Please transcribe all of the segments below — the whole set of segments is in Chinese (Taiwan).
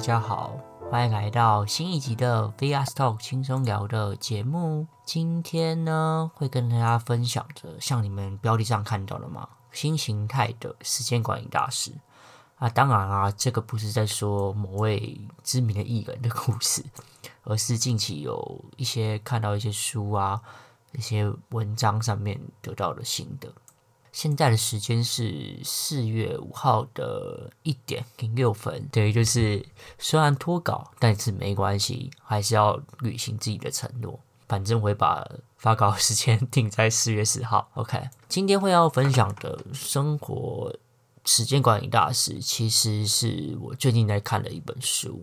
大家好，歡迎來到新一集的 VR's Talk 輕鬆聊的節目。今天呢，會跟大家分享著，像你們標題上看到的嘛，新型態的時間管理大師。啊，當然啊，這個不是在說某位知名的藝人的故事，而是近期有一些看到一些書啊、一些文章上面得到的心得。現在的時間是四月五號的一點零六分，等於就是雖然脫稿，但是沒關係，還是要履行自己的承諾。反正我會把發稿時間定在四月十號。OK，今天會要分享的生活時間管理大師，其實是我最近在看的一本書。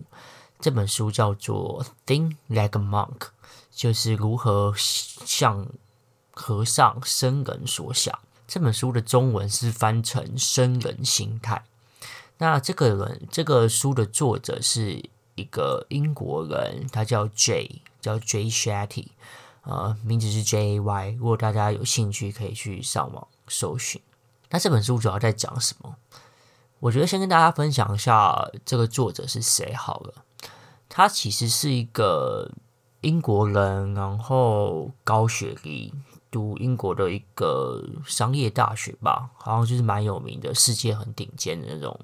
這本書叫做《Think Like a Monk》，就是如何像和尚、僧人所想。這本書的中文是翻成《僧人心態》，那這個人，這個書的作者是一個英國人，他叫 J，叫 Jay Shetty，呃，名字是 J A Y。如果大家有興趣，可以去上網搜尋。那這本書主要在講什麼？我覺得先跟大家分享一下這個作者是誰好了。他其實是一個英國人，然後高學歷。讀英國的一個商業大學吧，好像就是蠻有名的，世界很頂尖的那種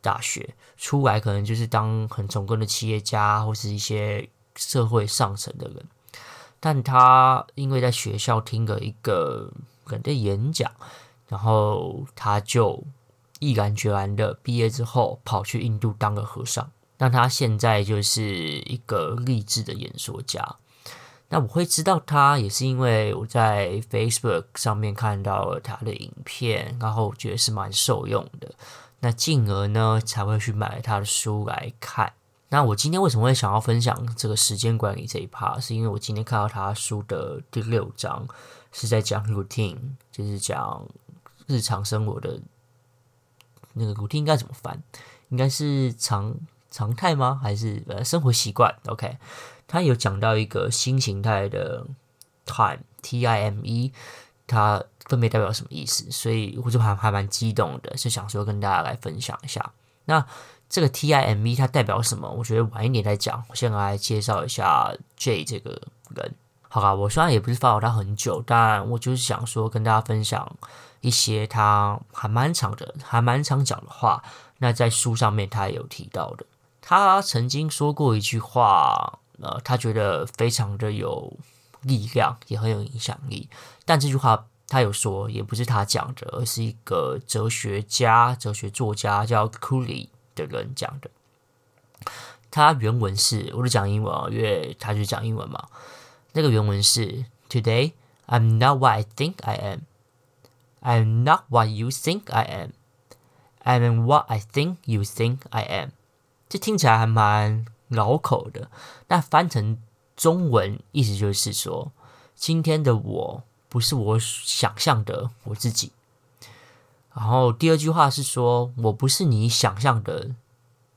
大學。出來可能就是當很成功的企業家，或是一些社會上層的人。但他因為在學校聽了一個人的演講，然後他就毅然決然的畢業之後跑去印度當了和尚。但他現在就是一個勵志的演說家。那我會知道他，也是因為我在 Facebook 上面看到了他的影片，然後我覺得是蠻受用的。那進而呢，才會去買他的書來看。那我今天為什麼會想要分享這個時間管理這一 part，是因為我今天看到他書的第六章是在講 routine，就是講日常生活的那個 routine 應該怎麼翻，應該是常常態嗎？還是呃生活習慣？OK。他有講到一個新型態的 time t i m e，它分別代表什麼意思？所以我就還還蠻激動的，是想說跟大家來分享一下。那這個 t i m e 它代表什麼？我覺得晚一點再講。我先來介紹一下 Jay 這個人，好吧、啊？我雖然也不是 follow 他很久，但我就是想說跟大家分享一些他還蠻長的、還蠻長講的話。那在書上面他也有提到的，他曾經說過一句話。呃，他覺得非常的有力量，也很有影響力。但這句話他有說，也不是他講的，而是一個哲學家、哲學作家叫庫里的人講的。他原文是，我是講英文啊，因為他是講英文嘛。那個原文是：Today I'm not what I think I am, I'm not what you think I am, I'm what I think you think I am。這聽起來還蠻。繞口的，那翻成中文意思就是說，今天的我不是我想象的我自己。然後第二句話是說我不是你想象的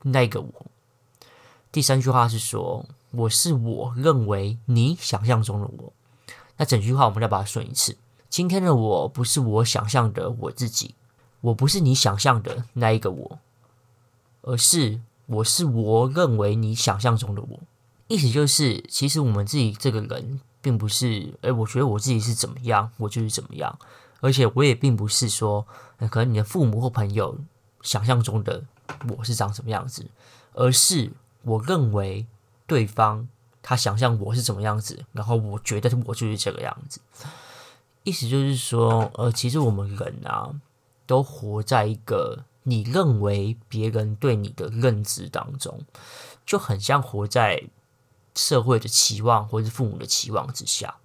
那個我。第三句話是說我是我認為你想象中的我。那整句話我們再把它順一次：今天的我不是我想象的我自己，我不是你想象的那一個我，而是。我是我認為你想象中的我，意思就是，其實我們自己這個人，並不是，哎、欸，我覺得我自己是怎麼樣，我就是怎麼樣，而且我也並不是說，可能你的父母或朋友想象中的我是長什麼樣子，而是我認為對方他想象我是怎麼樣子，然後我覺得我就是這個樣子，意思就是說，呃，其實我們人啊，都活在一個。你認為別人對你的認知當中，就很像活在社會的期望或是父母的期望之下。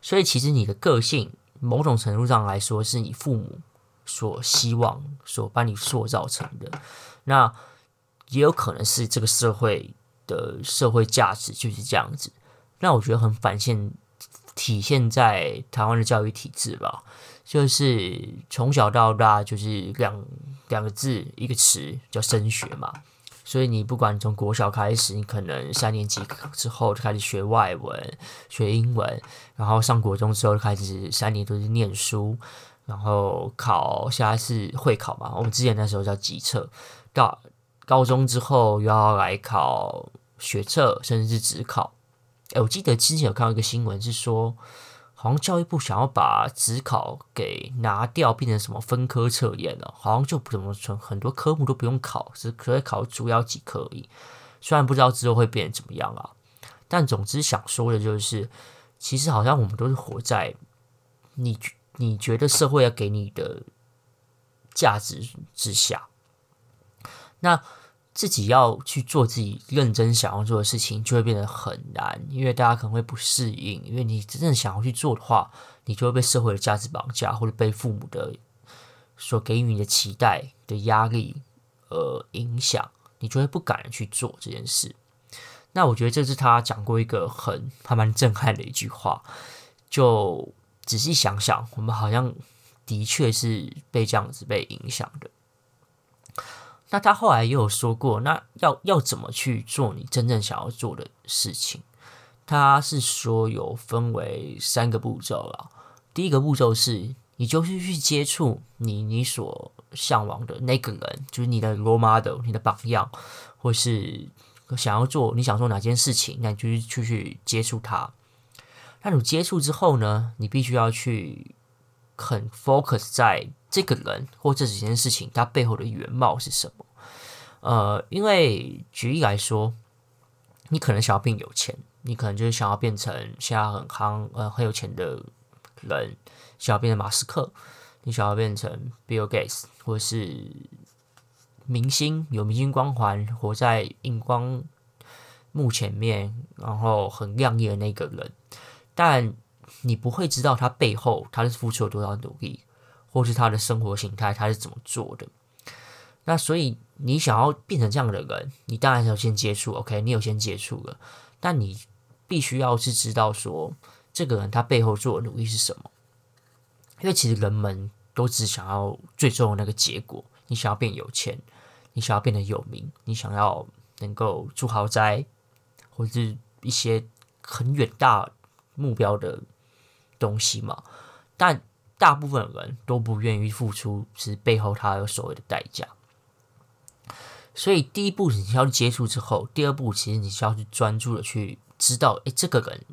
所以，其實你的個性某種程度上來說，是你父母所希望所把你塑造成的。那也有可能是這個社會的社會價值就是這樣子。那我覺得很反現體現在台灣的教育體制吧。就是從小到大，就是兩兩個字一個詞叫升學嘛，所以你不管你從國小開始，你可能三年級之後就開始學外文，學英文，然後上國中之後就開始三年都是念書，然後考，現在是會考嘛，我們之前那時候叫基測，到高中之後又要來考學測，甚至是指考。誒，我記得之前有看到一個新聞是說，好像教育部想要把指考給拿掉，變成什麼分科測驗了？好像就不怎麼存很多科目都不用考，只可以考主要幾科而已。雖然不知道之後會變成怎麼樣啊，但總之想說的就是，其實好像我們都是活在你你覺得社會要給你的價值之下。那自己要去做自己認真想要做的事情，就會變得很難，因為大家可能會不適應。因為你真正想要去做的話，你就會被社會的價值綁架，或者被父母的所給予你的期待的壓力呃影響，你就會不敢去做這件事。那我覺得這是他講過一個很還蠻震撼的一句話。就仔細想想，我們好像的確是被這樣子被影響的。那他後來也有說過，那要要怎麼去做你真正想要做的事情？他是說有分為三個步驟啊。第一個步驟是你你，你就是去接觸你你所向往的那個人，就是你的 role model，你的榜樣，或是想要做你想做哪件事情，那你就是去去接觸他。那你接觸之後呢，你必須要去很 focus 在這個人或者這幾件事情他背後的原貌是什麼。呃，因為舉例來說，你可能想要變有錢，你可能就是想要變成現在很夯，呃，很有錢的人，想要變成馬斯克，你想要變成 Bill Gates，或是明星，有明星光環，活在熒光幕前面，然後很亮眼的那個人，但你不會知道他背後他是付出了多少努力，或是他的生活形態他是怎麼做的。那所以你想要變成這樣的人，你當然是要先接觸，OK？你有先接觸了，但你必須要是知道說，這個人他背後做的努力是什麼？因為其實人們都只想要最終的那個結果。你想要變有錢，你想要變得有名，你想要能夠住豪宅，或者是一些很遠大目標的東西嘛。但大部分人都不願意付出，是背後他有所謂的代價。所以，第一步你是要接觸之後，第二步其實你需要去專注的去知道，欸，這個人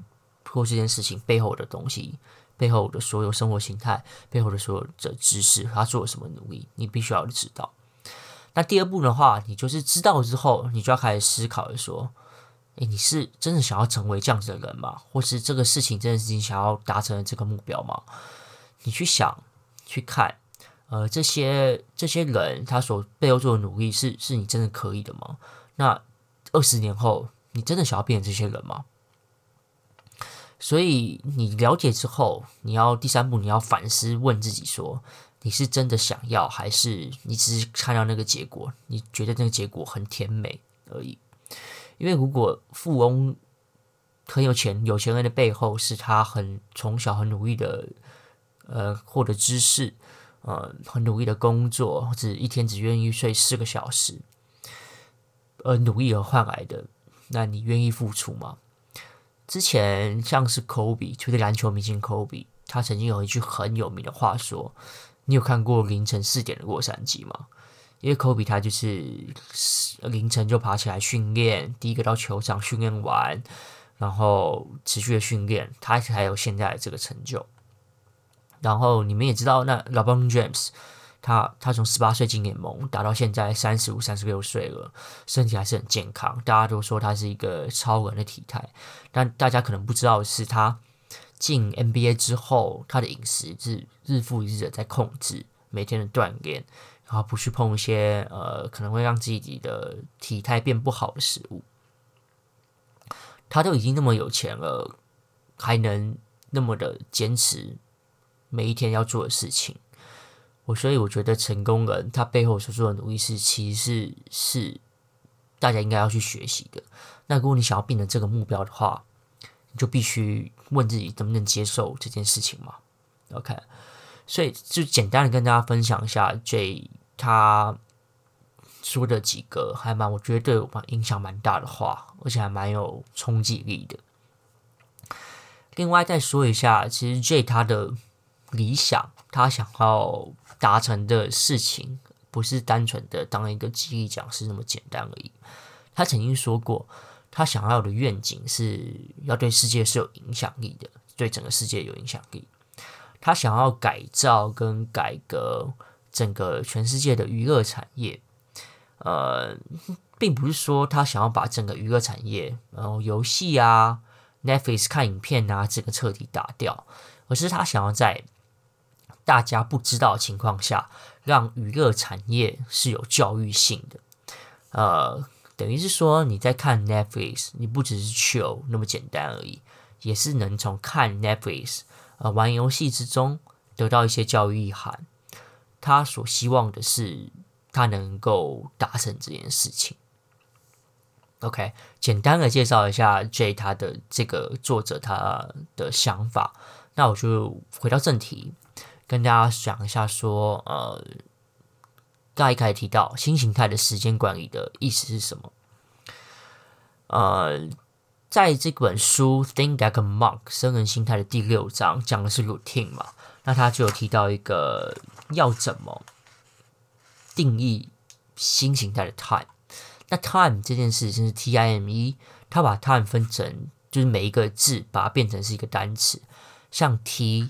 或這件事情背後的東西，背後的所有生活形態，背後的所有的知識，他做了什麼努力，你必須要知道。那第二步的話，你就是知道之後，你就要開始思考的說，欸，你是真的想要成為這樣子的人嗎？或是這個事情真的是你想要達成這個目標嗎？你去想，去看。呃，這些這些人他所背後做的努力是是你真的可以的嗎？那二十年後你真的想要變成這些人嗎？所以你了解之後，你要第三步，你要反思，問自己說，你是真的想要，還是你只是看到那個結果，你覺得那個結果很甜美而已？因為如果富翁很有錢，有錢人的背後是他很從小很努力的，呃，獲得知識。呃、嗯，很努力的工作，或者一天只願意睡四個小時，而努力而換來的，那你願意付出嗎？之前像是科比，就是籃球明星科比，他曾經有一句很有名的話說：“你有看過凌晨四點的洛杉磯嗎？”因為科比他就是凌晨就爬起來訓練，第一個到球場訓練完，然後持續的訓練，他才有現在的這個成就。然後你們也知道，那 LeBron James，他他從十八歲進聯盟，打到現在三十五、三十六歲了，身體還是很健康。大家都說他是一個超人的體態，但大家可能不知道的是，他進 NBA 之後，他的飲食是日復一日的在控制，每天的鍛鍊，然後不去碰一些呃可能會讓自己的體態變不好的食物。他都已經那麼有錢了，還能那麼的堅持。每一天要做的事情，我所以我覺得成功人他背後所做的努力是其實是是大家應該要去學習的。那如果你想要變成這個目標的話，你就必須問自己能不能接受這件事情嘛，OK，所以就簡單的跟大家分享一下 J 他說的幾個還蠻我覺得對我影響蠻大的話，而且還蠻有衝擊力的。另外再說一下，其實 J 他的。理想，他想要達成的事情，不是單純的當一個激勵講師那麼簡單而已。他曾經說過，他想要的願景是要對世界是有影響力的，對整個世界有影響力。他想要改造跟改革整個全世界的娛樂產業，呃，並不是說他想要把整個娛樂產業，然後遊戲啊、Netflix 看影片啊，這個徹底打掉，而是他想要在。大家不知道的情況下，讓娛樂產業是有教育性的。呃，等於是說，你在看 Netflix，你不只是 chill 那麼簡單而已，也是能從看 Netflix 呃玩遊戲之中得到一些教育意涵。他所希望的是，他能夠達成這件事情。OK，簡單的介紹一下 Jay 他的這個作者他的想法。那我就回到正題。跟大家講一下說，說呃，剛才開始提到新型態的時間管理的意思是什麼？呃，在這本書《Think Like a Monk》僧人心態的第六章講的是 routine 嘛，那他就有提到一個要怎麼定義新型態的 time。那 time 這件事就是 T-I-M-E，他把 time 分成就是每一個字，把它變成是一個單詞，像 T。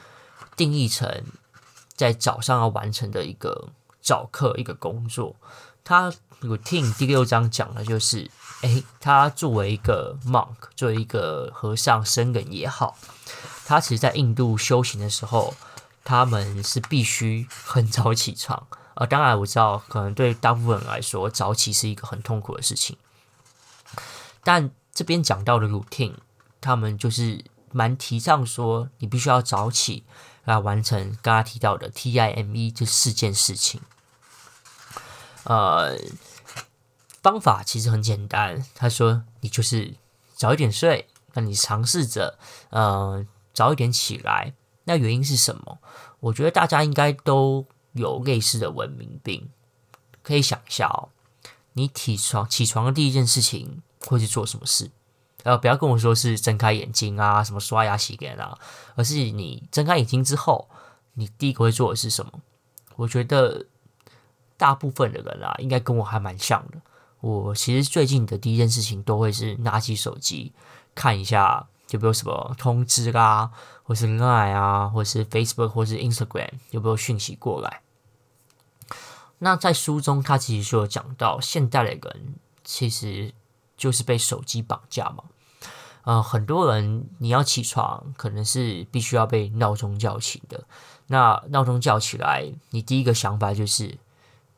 定義成在早上要完成的一個早課，一個工作。他 routine 第六章講的就是，誒、欸，他作為一個 monk，作為一個和尚僧人也好，他其實，在印度修行的時候，他們是必須很早起床。而、啊、當然我知道，可能對大部分人來說，早起是一個很痛苦的事情。但這邊講到的 routine，他們就是蠻提倡說，你必須要早起。來完成剛剛提到的 T I M E 這四件事情。呃，方法其實很簡單，他說你就是早一點睡，那你嘗試着呃，早一點起來。那原因是什麼？我覺得大家應該都有類似的文明病。可以想一下哦，你起床起床，的第一件事情會去做什麼事？呃，不要跟我說是睜開眼睛啊，什麼刷牙洗臉啊，而是你睜開眼睛之後，你第一個會做的是什麼？我覺得大部分的人啊，應該跟我還蠻像的。我其實最近的第一件事情都會是拿起手機看一下，有沒有什麼通知啊，或是 Line 啊，或是 Facebook，或是 Instagram，有沒有訊息過來。那在書中，他其實有講到現代的人其實。就是被手機綁架嘛，呃，很多人你要起床，可能是必須要被鬧鐘叫醒的。那鬧鐘叫起來，你第一個想法就是，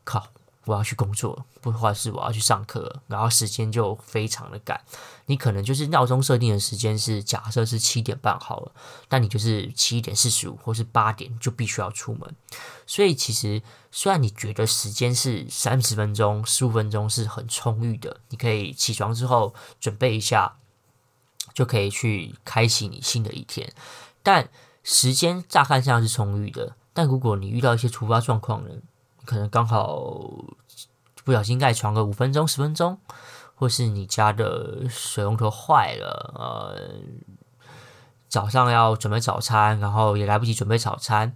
靠。我要去工作，或是我要去上課，然後時間就非常的趕。你可能就是鬧鐘設定的時間是假設是七點半好了，但你就是七點四十五或是八點就必須要出門。所以其實雖然你覺得時間是三十分鐘、十五分鐘是很充裕的，你可以起床之後準備一下，就可以去開啟你新的一天。但時間乍看上是充裕的，但如果你遇到一些突發狀況呢？可能剛好不小心蓋床個五分鐘十分鐘，或是你家的水龍頭壞了呃、嗯，早上要準備早餐，然後也來不及準備早餐。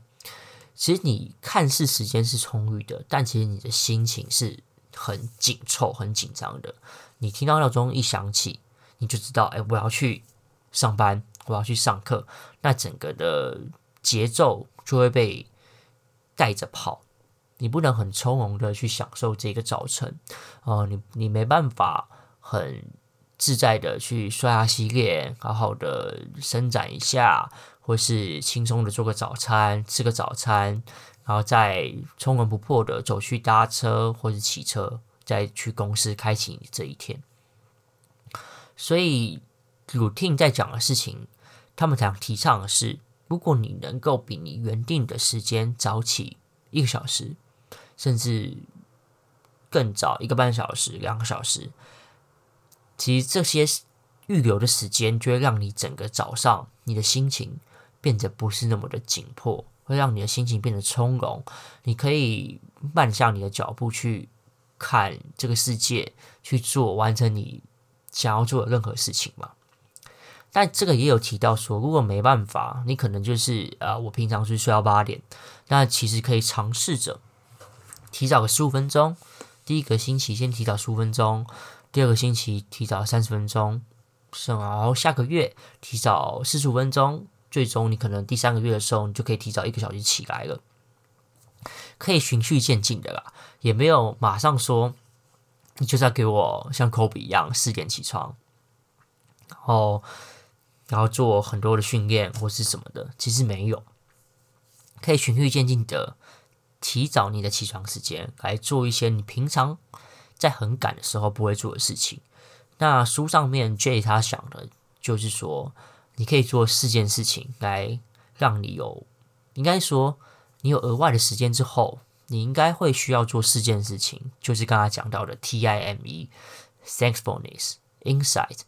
其實你看似時間是充裕的，但其實你的心情是很緊湊、很緊張的。你聽到鬧鐘一響起，你就知道，哎、欸，我要去上班，我要去上課，那整個的節奏就會被帶着跑。你不能很從容的去享受這個早晨，哦、呃，你你沒辦法很自在的去刷牙洗臉，好好的伸展一下，或是輕鬆的做個早餐，吃個早餐，然後再從容不迫的走去搭車或者騎車，再去公司開啟這一天。所以，routine 在講的事情，他們想提倡的是，如果你能夠比你原定的時間早起一個小時。甚至更早一個半小時、兩個小時，其實這些預留的時間就會讓你整個早上你的心情變得不是那麼的緊迫，會讓你的心情變得從容。你可以慢下你的腳步去看這個世界，去做完成你想要做的任何事情嘛。但這個也有提到說，如果沒辦法，你可能就是呃，我平常是睡到八點，那其實可以嘗試着。提早個十五分鐘，第一個星期先提早十五分鐘，第二個星期提早三十分鐘，是然後下個月提早四十五分鐘，最終你可能第三個月的時候，你就可以提早一個小時起來了，可以循序漸進的啦，也沒有馬上說，你就要給我像科比一樣四點起床，然後然後做很多的訓練或是什麼的，其實沒有，可以循序漸進的。提早你的起床時間，來做一些你平常在很趕的時候不會做的事情。那書上面 Jay 他想的就是說，你可以做四件事情來讓你有，應該說你有額外的時間之後，你應該會需要做四件事情，就是剛才講到的 T I M E、Thankfulness、Insight、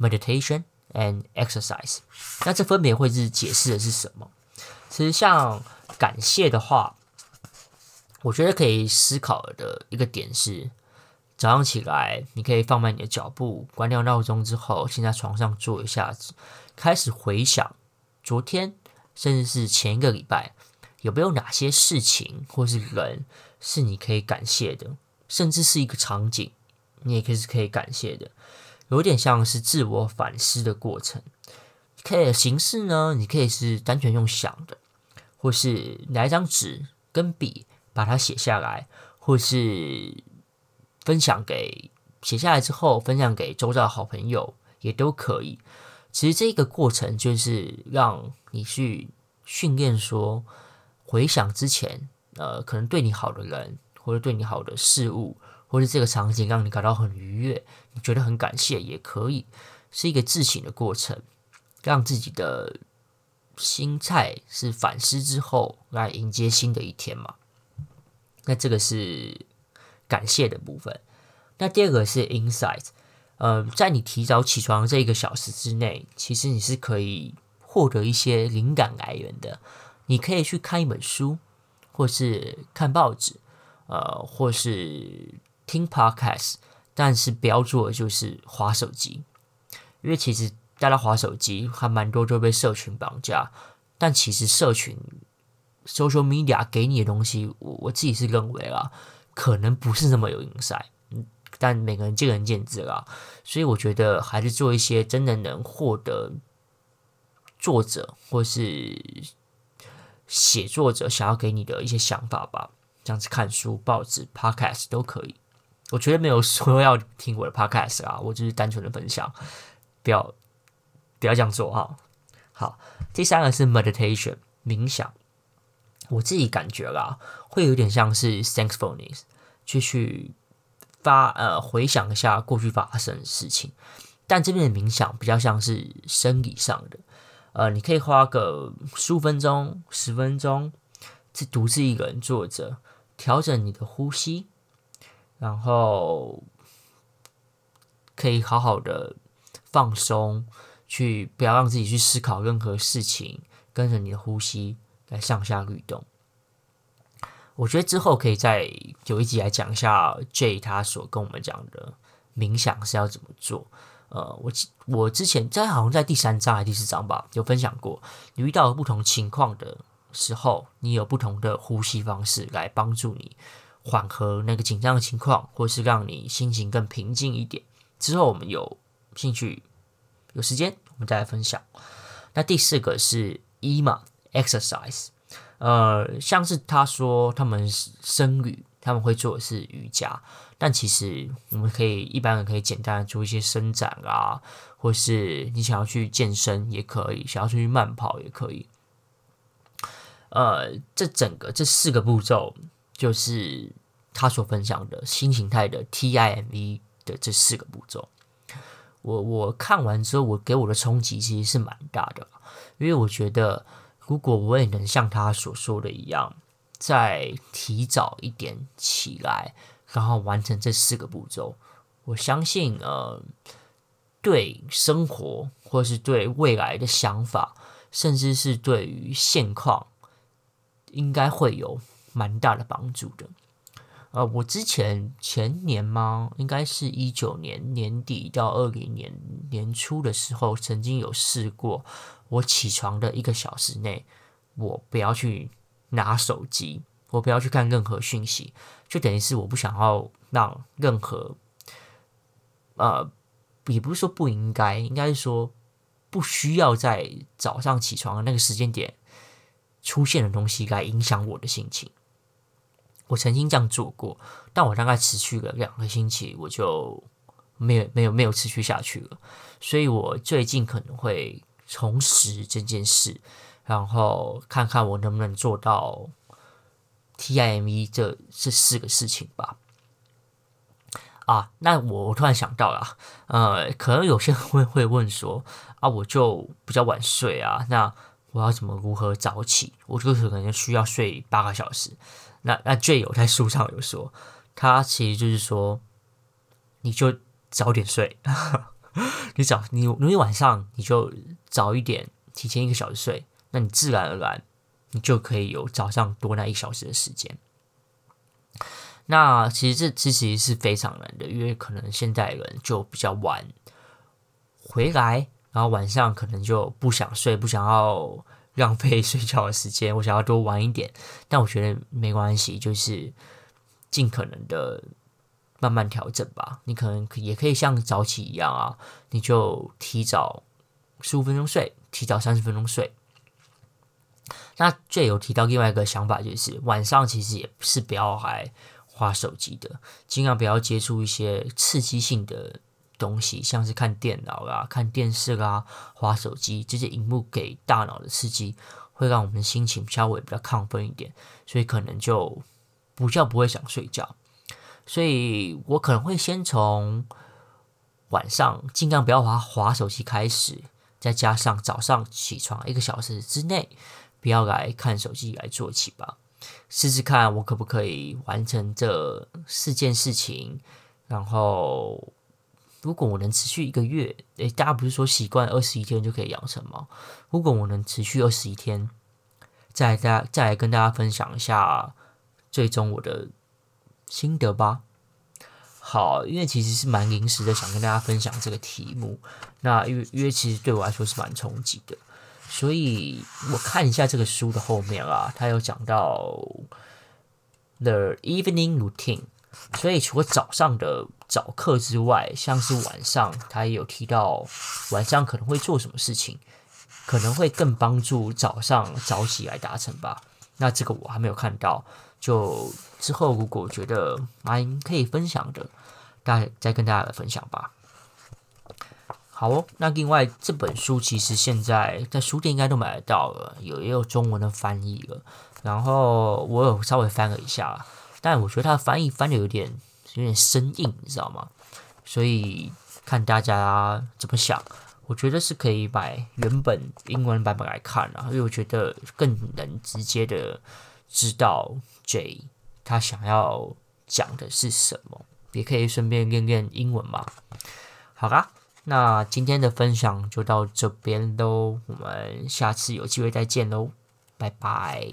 Meditation and Exercise。那這分別會是解釋的是什麼？其實像感謝的話，我覺得可以思考的一個點是，早上起來你可以放慢你的腳步，關掉鬧鐘之後，先在床上坐一下子，開始回想昨天，甚至是前一個禮拜有沒有哪些事情或是人是你可以感謝的，甚至是一個場景你也可以是可以感謝的，有點像是自我反思的過程。可以的形式呢，你可以是單純用想的，或是拿一張紙跟筆。把它寫下來，或是分享給寫下來之後分享給周遭的好朋友也都可以。其實這個過程就是讓你去訓練，說回想之前，呃，可能對你好的人，或者對你好的事物，或者這個場景讓你感到很愉悅，你覺得很感謝，也可以是一個自省的過程，讓自己的心態是反思之後來迎接新的一天嘛。那這個是感謝的部分。那第二個是 insight，呃，在你提早起床這一個小時之內，其實你是可以獲得一些靈感來源的。你可以去看一本書，或是看報紙，呃，或是聽 podcast，但是不要做的就是滑手機，因為其實大家滑手機還蠻多都被社群綁架，但其實社群。Social Media 給你的東西，我我自己是認為啦，可能不是那麼有 insight。嗯，但每個人見仁見智啦，所以我覺得還是做一些真的能獲得作者或是寫作者想要給你的一些想法吧。這樣子，看書、報紙、Podcast 都可以。我絕對沒有說要聽我的 Podcast 啊，我只是單純的分享，不要不要這樣做哈。好，第三個是 Meditation，冥想。我自己感覺啦，會有點像是 Thankfulness，去去發呃回想一下過去發生的事情，但這邊的冥想比較像是生理上的，呃，你可以花個十五分鐘、十分鐘，自獨自一個人坐着，調整你的呼吸，然後可以好好的放鬆，去不要讓自己去思考任何事情，跟着你的呼吸。來上下律動，我覺得之後可以再有一集來講一下 Jay 他所跟我們講的冥想是要怎麼做。呃，我我之前在好像在第三章還是第四章吧，有分享過，你遇到不同情況的時候，你有不同的呼吸方式來幫助你緩和那個緊張的情況，或是讓你心情更平靜一點。之後我們有興趣有時間，我們再來分享。那第四個是 E 嘛？Exercise，呃，像是他說他們僧侶，他們會做的是瑜伽，但其實我們可以一般人可以簡單的做一些伸展啊，或是你想要去健身也可以，想要出去慢跑也可以。呃，這整個這四個步驟就是他所分享的新型態的 T I M E 的這四個步驟。我我看完之後，我給我的衝擊其實是蠻大的，因為我覺得。如果我也能像他所說的一樣，再提早一點起來，然後完成這四個步驟，我相信呃，對生活或是對未來的想法，甚至是對於現況，應該會有蠻大的幫助的。呃，我之前前年嗎？應該是一九年年底到二零年年初的時候，曾經有試過。我起床的一個小時內，我不要去拿手機，我不要去看任何訊息，就等於是我不想要讓任何，呃，也不是說不應該，應該是說不需要在早上起床的那個時間點出現的東西來影響我的心情。我曾經這樣做過，但我大概持續了兩個星期，我就沒有沒有沒有持續下去了。所以，我最近可能會重拾這件事，然後看看我能不能做到 T I M E 這這四個事情吧。啊，那我突然想到了，呃，可能有些人會會問說啊，我就比較晚睡啊，那我要怎麼如何早起？我就可能需要睡八個小時。那那最有在書上有說，他其實就是說，你就早點睡， 你早你你晚上你就早一點提前一個小時睡，那你自然而然你就可以有早上多那一小時的時間。那其實這，這其實是非常難的，因為可能現代人就比較晚回來，然後晚上可能就不想睡，不想要。浪費睡覺的時間，我想要多玩一點，但我覺得沒關係，就是盡可能的慢慢調整吧。你可能也可以像早起一樣啊，你就提早十五分鐘睡，提早三十分鐘睡。那最有提到另外一個想法就是，晚上其實也是不要滑手機的，盡量不要接觸一些刺激性的。東西像是看電腦啊，看電視啊，滑手機，這些熒幕給大腦的刺激，會讓我們的心情稍微比較亢奮一點，所以可能就不叫不會想睡覺。所以我可能會先從晚上盡量不要滑滑手機開始，再加上早上起床一個小時之內不要來看手機來做起吧，試試看我可不可以完成這四件事情，然後。如果我能持續一個月，誒，大家不是說習慣二十一天就可以養成嗎？如果我能持續二十一天，再大再再來跟大家分享一下最終我的心得吧。好，因為其實是蠻臨時的，想跟大家分享這個題目。那因為因為其實對我來說是蠻衝擊的，所以我看一下這個書的後面啊，它有講到 The Evening Routine，所以除了早上的。早課之外，像是晚上，他也有提到晚上可能會做什麼事情，可能會更幫助早上早起來達成吧。那這個我還沒有看到，就之後如果覺得蠻可以分享的，再再跟大家來分享吧。好哦，那另外這本書其實現在在書店應該都買得到了，有也有中文的翻譯了。然後我有稍微翻了一下，但我覺得他的翻譯翻的有點。有點生硬，你知道嗎？所以看大家怎麼想，我覺得是可以買原本英文版本來看啊，因為我覺得更能直接的知道 Jay 他想要講的是什麼，也可以順便練練英文嘛。好啦，那今天的分享就到這邊嘍，我們下次有機會再見嘍，拜拜。